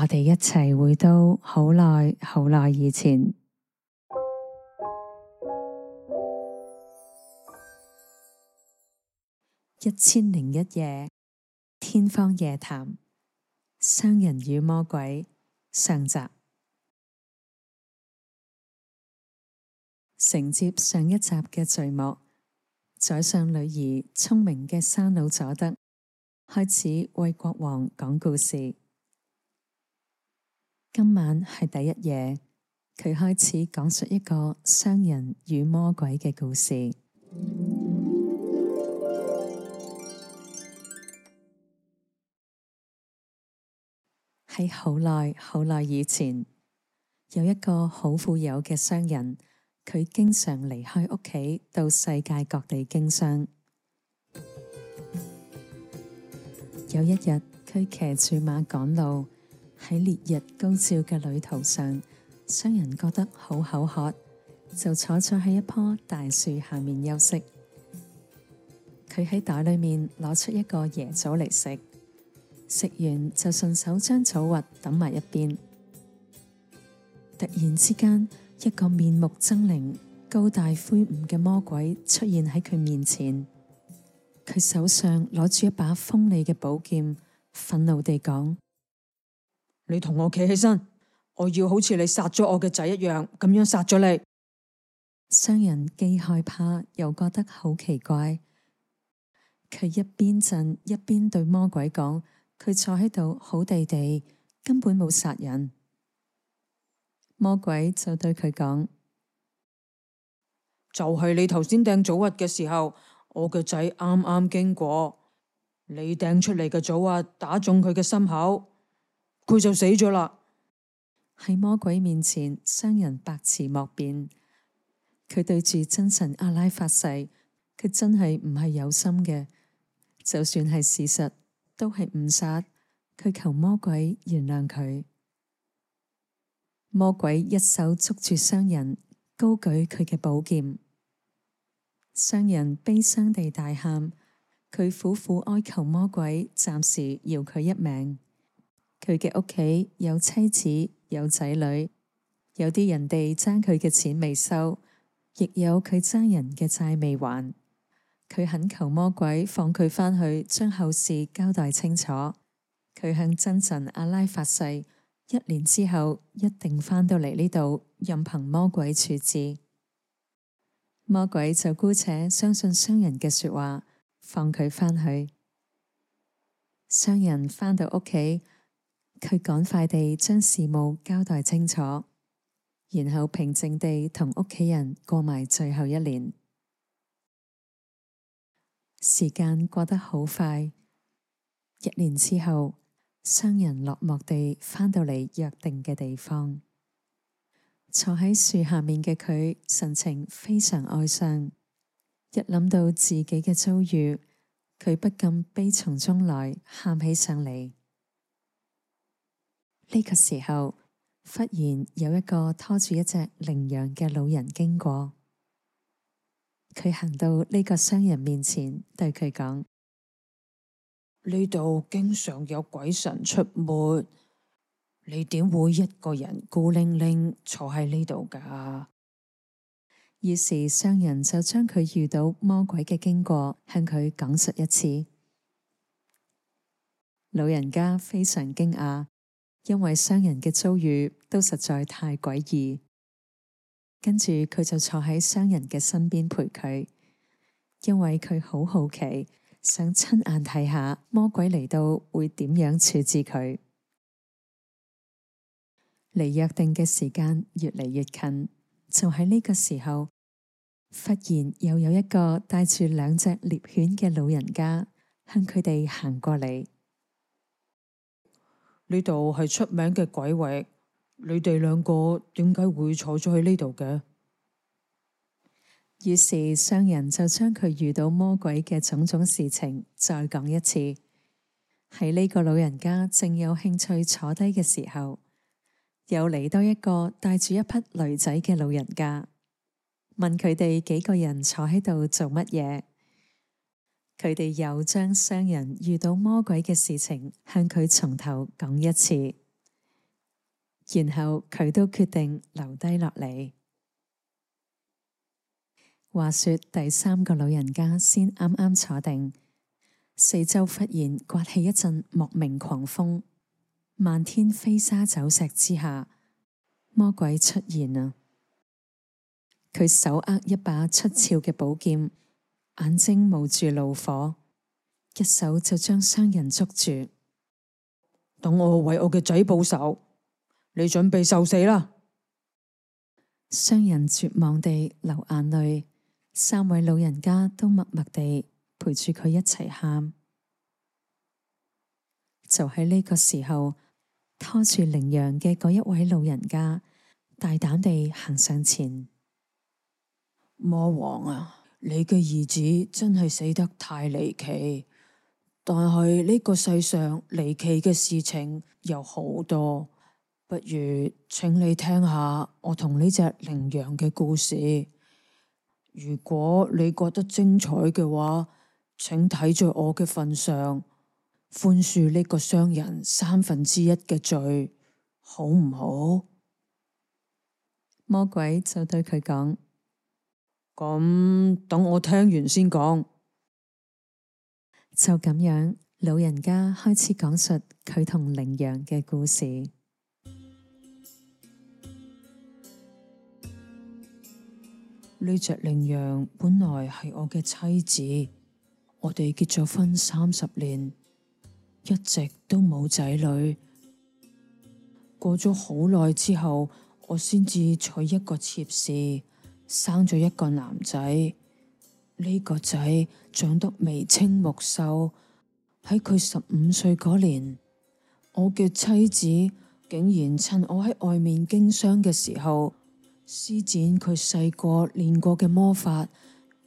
我哋一齊回到好耐好耐以前，《一千零一夜》《天方夜譚》《商人與魔鬼》上集，承接上一集嘅序幕，宰相女兒聰明嘅山魯佐德開始為國王講故事。今晚係第一夜，佢開始講述一個商人與魔鬼嘅故事。喺好耐好耐以前，有一個好富有嘅商人，佢經常離開屋企到世界各地經商。有一日，佢騎住馬趕路。喺烈日高照嘅旅途上，商人覺得好口渴，就坐咗喺一棵大樹下面休息。佢喺袋裏面攞出一個椰棗嚟食，食完就順手將棗核抌埋一邊。突然之間，一個面目猙獰、高大魁梧嘅魔鬼出現喺佢面前。佢手上攞住一把鋒利嘅寶劍，憤怒地講。你同我企起身，我要好似你殺咗我嘅仔一樣，咁樣殺咗你。商人既害怕又覺得好奇怪，佢一邊震一邊對魔鬼講：「佢坐喺度好地地，根本冇殺人。」魔鬼就對佢講：「就係你頭先掟棗核嘅時候，我嘅仔啱啱經過，你掟出嚟嘅棗核打中佢嘅心口。」佢就死咗啦！喺魔鬼面前，商人百辭莫辯。佢對住真神阿拉發誓，佢真係唔係有心嘅。就算係事實，都係誤殺。佢求魔鬼原諒佢。魔鬼一手捉住商人，高舉佢嘅寶劍。商人悲傷地大喊，佢苦苦哀求魔鬼暫時饒佢一命。佢嘅屋企有妻子，有仔女，有啲人哋爭佢嘅錢未收，亦有佢爭人嘅債未還。佢懇求魔鬼放佢翻去，將後事交代清楚。佢向真神阿拉發誓，一年之後一定翻到嚟呢度，任憑魔鬼處置。魔鬼就姑且相信商人嘅說話，放佢翻去。商人翻到屋企。佢趕快地將事務交代清楚，然後平靜地同屋企人過埋最後一年。時間過得好快，一年之後，商人落寞地返到嚟約定嘅地方，坐喺樹下面嘅佢神情非常哀傷。一諗到自己嘅遭遇，佢不禁悲從中來，喊起上嚟。呢個時候，忽然有一個拖住一隻羚羊嘅老人經過，佢行到呢個商人面前，對佢講：呢度經常有鬼神出沒，你點會一個人孤零零坐喺呢度噶？於是商人就將佢遇到魔鬼嘅經過向佢講述一次，老人家非常驚訝。因為商人嘅遭遇都實在太詭異，跟住佢就坐喺商人嘅身邊陪佢，因為佢好好奇，想親眼睇下魔鬼嚟到會點樣處置佢。離約定嘅時間越嚟越近，就喺呢個時候，忽然又有一個帶住兩隻獵犬嘅老人家向佢哋行過嚟。呢度係出名嘅鬼域，你哋兩個點解會坐咗喺呢度嘅？於是商人就將佢遇到魔鬼嘅種種事情再講一次。喺呢個老人家正有興趣坐低嘅時候，又嚟多一個帶住一匹驢仔嘅老人家，問佢哋幾個人坐喺度做乜嘢。佢哋又將商人遇到魔鬼嘅事情向佢從頭講一次，然後佢都決定留低落嚟。話說第三個老人家先啱啱坐定，四周忽然颳起一陣莫名狂風，漫天飛沙走石之下，魔鬼出現啦！佢手握一把出鞘嘅寶劍。眼睛冒住怒火，一手就將商人捉住。等我為我嘅仔報仇，你準備受死啦！商人絕望地流眼淚，三位老人家都默默地陪住佢一齊喊。就喺呢個時候，拖住羚羊嘅嗰一位老人家大膽地行上前。魔王啊！你嘅兒子真係死得太離奇，但係呢個世上離奇嘅事情有好多，不如請你聽下我同呢隻羚羊嘅故事。如果你覺得精彩嘅話，請睇在我嘅份上，寬恕呢個商人三分之一嘅罪，好唔好？魔鬼就對佢講。咁、嗯、等我聽完先講。就咁樣，老人家開始講述佢同羚羊嘅故事。呢隻羚羊本來係我嘅妻子，我哋結咗婚三十年，一直都冇仔女。過咗好耐之後，我先至娶一個妾侍。生咗一個男仔，呢個仔長得眉清目秀。喺佢十五歲嗰年，我嘅妻子竟然趁我喺外面經商嘅時候，施展佢細個練過嘅魔法，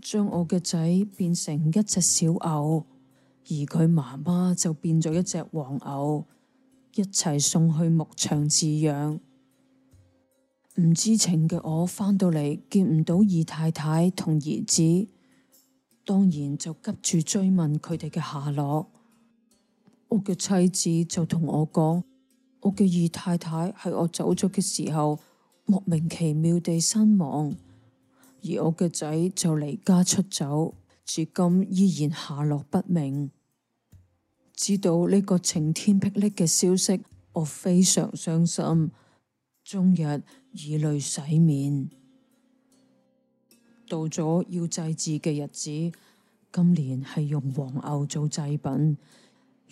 將我嘅仔變成一隻小牛，而佢媽媽就變咗一隻黃牛，一齊送去牧場飼養。唔知情嘅我返到嚟，見唔到二太太同兒子，當然就急住追問佢哋嘅下落。我嘅妻子就同我講，我嘅二太太喺我走咗嘅時候莫名其妙地身亡，而我嘅仔就離家出走，至今依然下落不明。知道呢個晴天霹靂嘅消息，我非常傷心。終日以淚洗面，到咗要祭祀嘅日子，今年係用黃牛做祭品，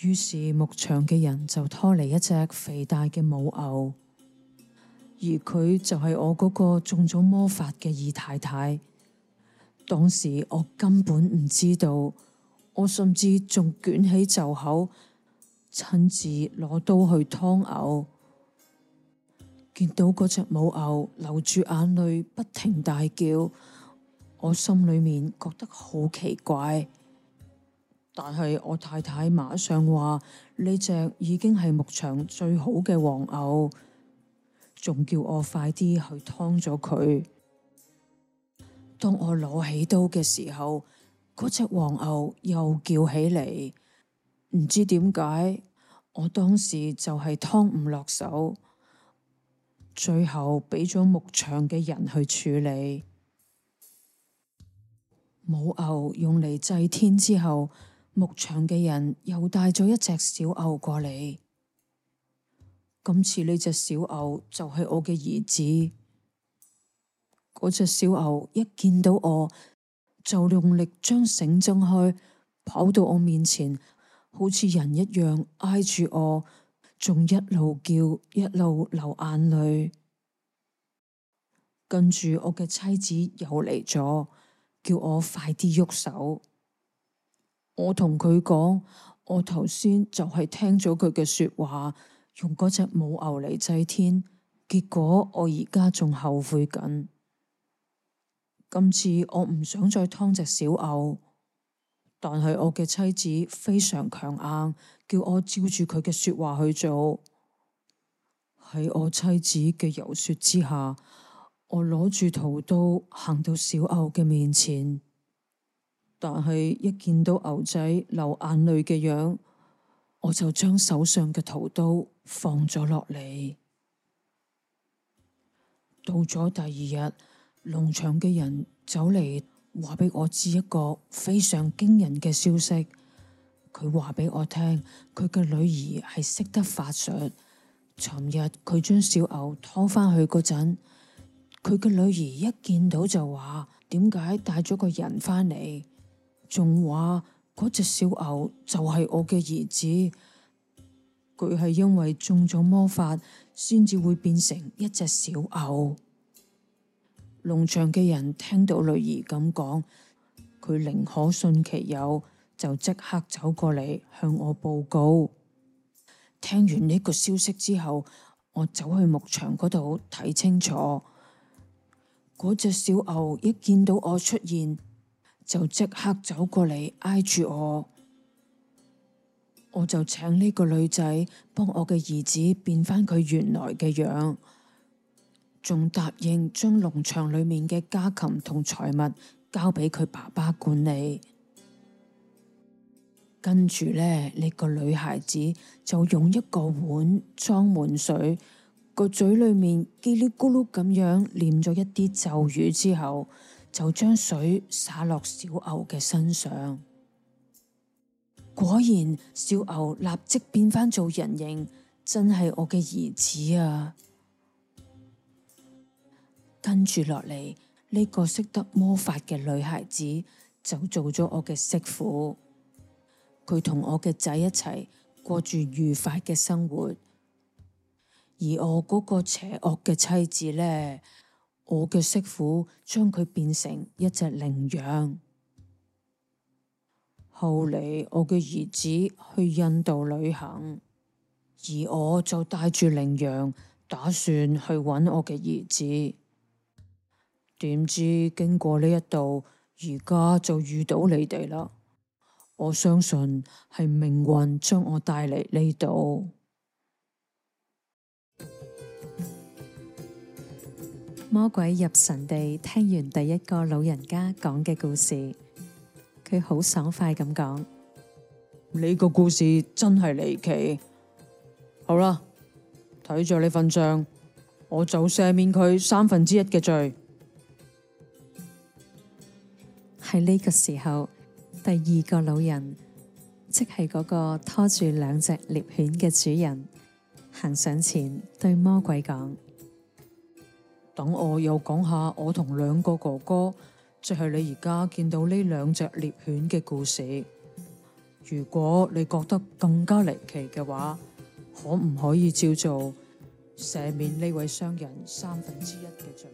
於是牧場嘅人就拖嚟一隻肥大嘅母牛，而佢就係我嗰個中咗魔法嘅二太太。當時我根本唔知道，我甚至仲捲起袖口，親自攞刀去劏牛。見到嗰隻母牛流住眼淚，不停大叫，我心裏面覺得好奇怪。但係我太太馬上話呢隻已經係牧場最好嘅黃牛，仲叫我快啲去劏咗佢。當我攞起刀嘅時候，嗰隻黃牛又叫起嚟，唔知點解，我當時就係劏唔落手。最後俾咗牧場嘅人去處理母牛，用嚟祭天之後，牧場嘅人又帶咗一隻小牛過嚟。今次呢隻小牛就係我嘅兒子。嗰隻小牛一見到我，就用力將繩掙開，跑到我面前，好似人一樣挨住我。仲一路叫，一路流眼淚。跟住我嘅妻子又嚟咗，叫我快啲喐手。我同佢講，我頭先就係聽咗佢嘅說話，用嗰隻母牛嚟祭天，結果我而家仲後悔緊。今次我唔想再劏隻小牛。但係我嘅妻子非常強硬，叫我照住佢嘅說話去做。喺我妻子嘅遊說之下，我攞住屠刀行到小牛嘅面前。但係一見到牛仔流眼淚嘅樣，我就將手上嘅屠刀放咗落嚟。到咗第二日，農場嘅人走嚟。話俾我知一個非常驚人嘅消息，佢話俾我聽，佢嘅女兒係識得法術。尋日佢將小牛拖返去嗰陣，佢嘅女兒一見到就話：點解帶咗個人返嚟？仲話嗰隻小牛就係我嘅兒子，佢係因為中咗魔法，先至會變成一隻小牛。農場嘅人聽到女兒咁講，佢寧可信其有，就即刻走過嚟向我報告。聽完呢個消息之後，我走去牧場嗰度睇清楚。嗰隻小牛一見到我出現，就即刻走過嚟挨住我。我就請呢個女仔幫我嘅兒子變返佢原來嘅樣。仲答應將農場裏面嘅家禽同財物交俾佢爸爸管理。跟住呢，呢個女孩子就用一個碗裝滿水，個嘴裏面嘰里咕嚕咁樣念咗一啲咒語之後，就將水灑落小牛嘅身上。果然，小牛立即變翻做人形，真係我嘅兒子啊！跟住落嚟，呢個識得魔法嘅女孩子就做咗我嘅媳婦。佢同我嘅仔一齊過住愉快嘅生活。而我嗰個邪惡嘅妻子呢，我嘅媳婦將佢變成一隻羚羊。後嚟我嘅兒子去印度旅行，而我就帶住羚羊，打算去搵我嘅兒子。點知經過呢一度，而家就遇到你哋啦。我相信係命運將我帶嚟呢度。魔鬼入神地聽完第一個老人家講嘅故事，佢好爽快咁講：你個故事真係離奇。好啦，睇住你份上，我就赦免佢三分之一嘅罪。喺呢個時候，第二個老人，即係嗰個拖住兩隻獵犬嘅主人，行上前對魔鬼講：等我又講下我同兩個哥哥，即係你而家見到呢兩隻獵犬嘅故事。如果你覺得更加離奇嘅話，可唔可以照做赦免呢位商人三分之一嘅罪？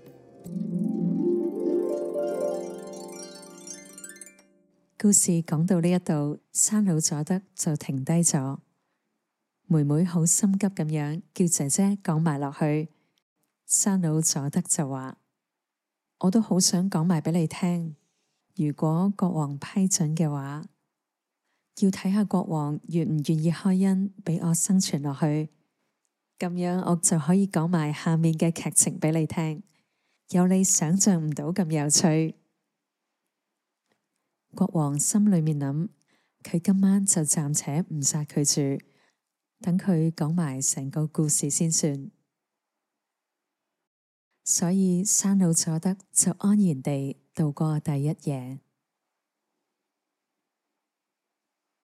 故事講到呢一度，山魯佐德就停低咗。妹妹好心急咁樣叫姐姐講埋落去。山魯佐德就話：我都好想講埋俾你聽。如果國王批准嘅話，要睇下國王願唔願意開恩俾我生存落去。咁樣我就可以講埋下面嘅劇情俾你聽，有你想象唔到咁有趣。國王心裏面諗，佢今晚就暫且唔殺佢住，等佢講埋成個故事先算。所以山魯佐德就安然地度過第一夜。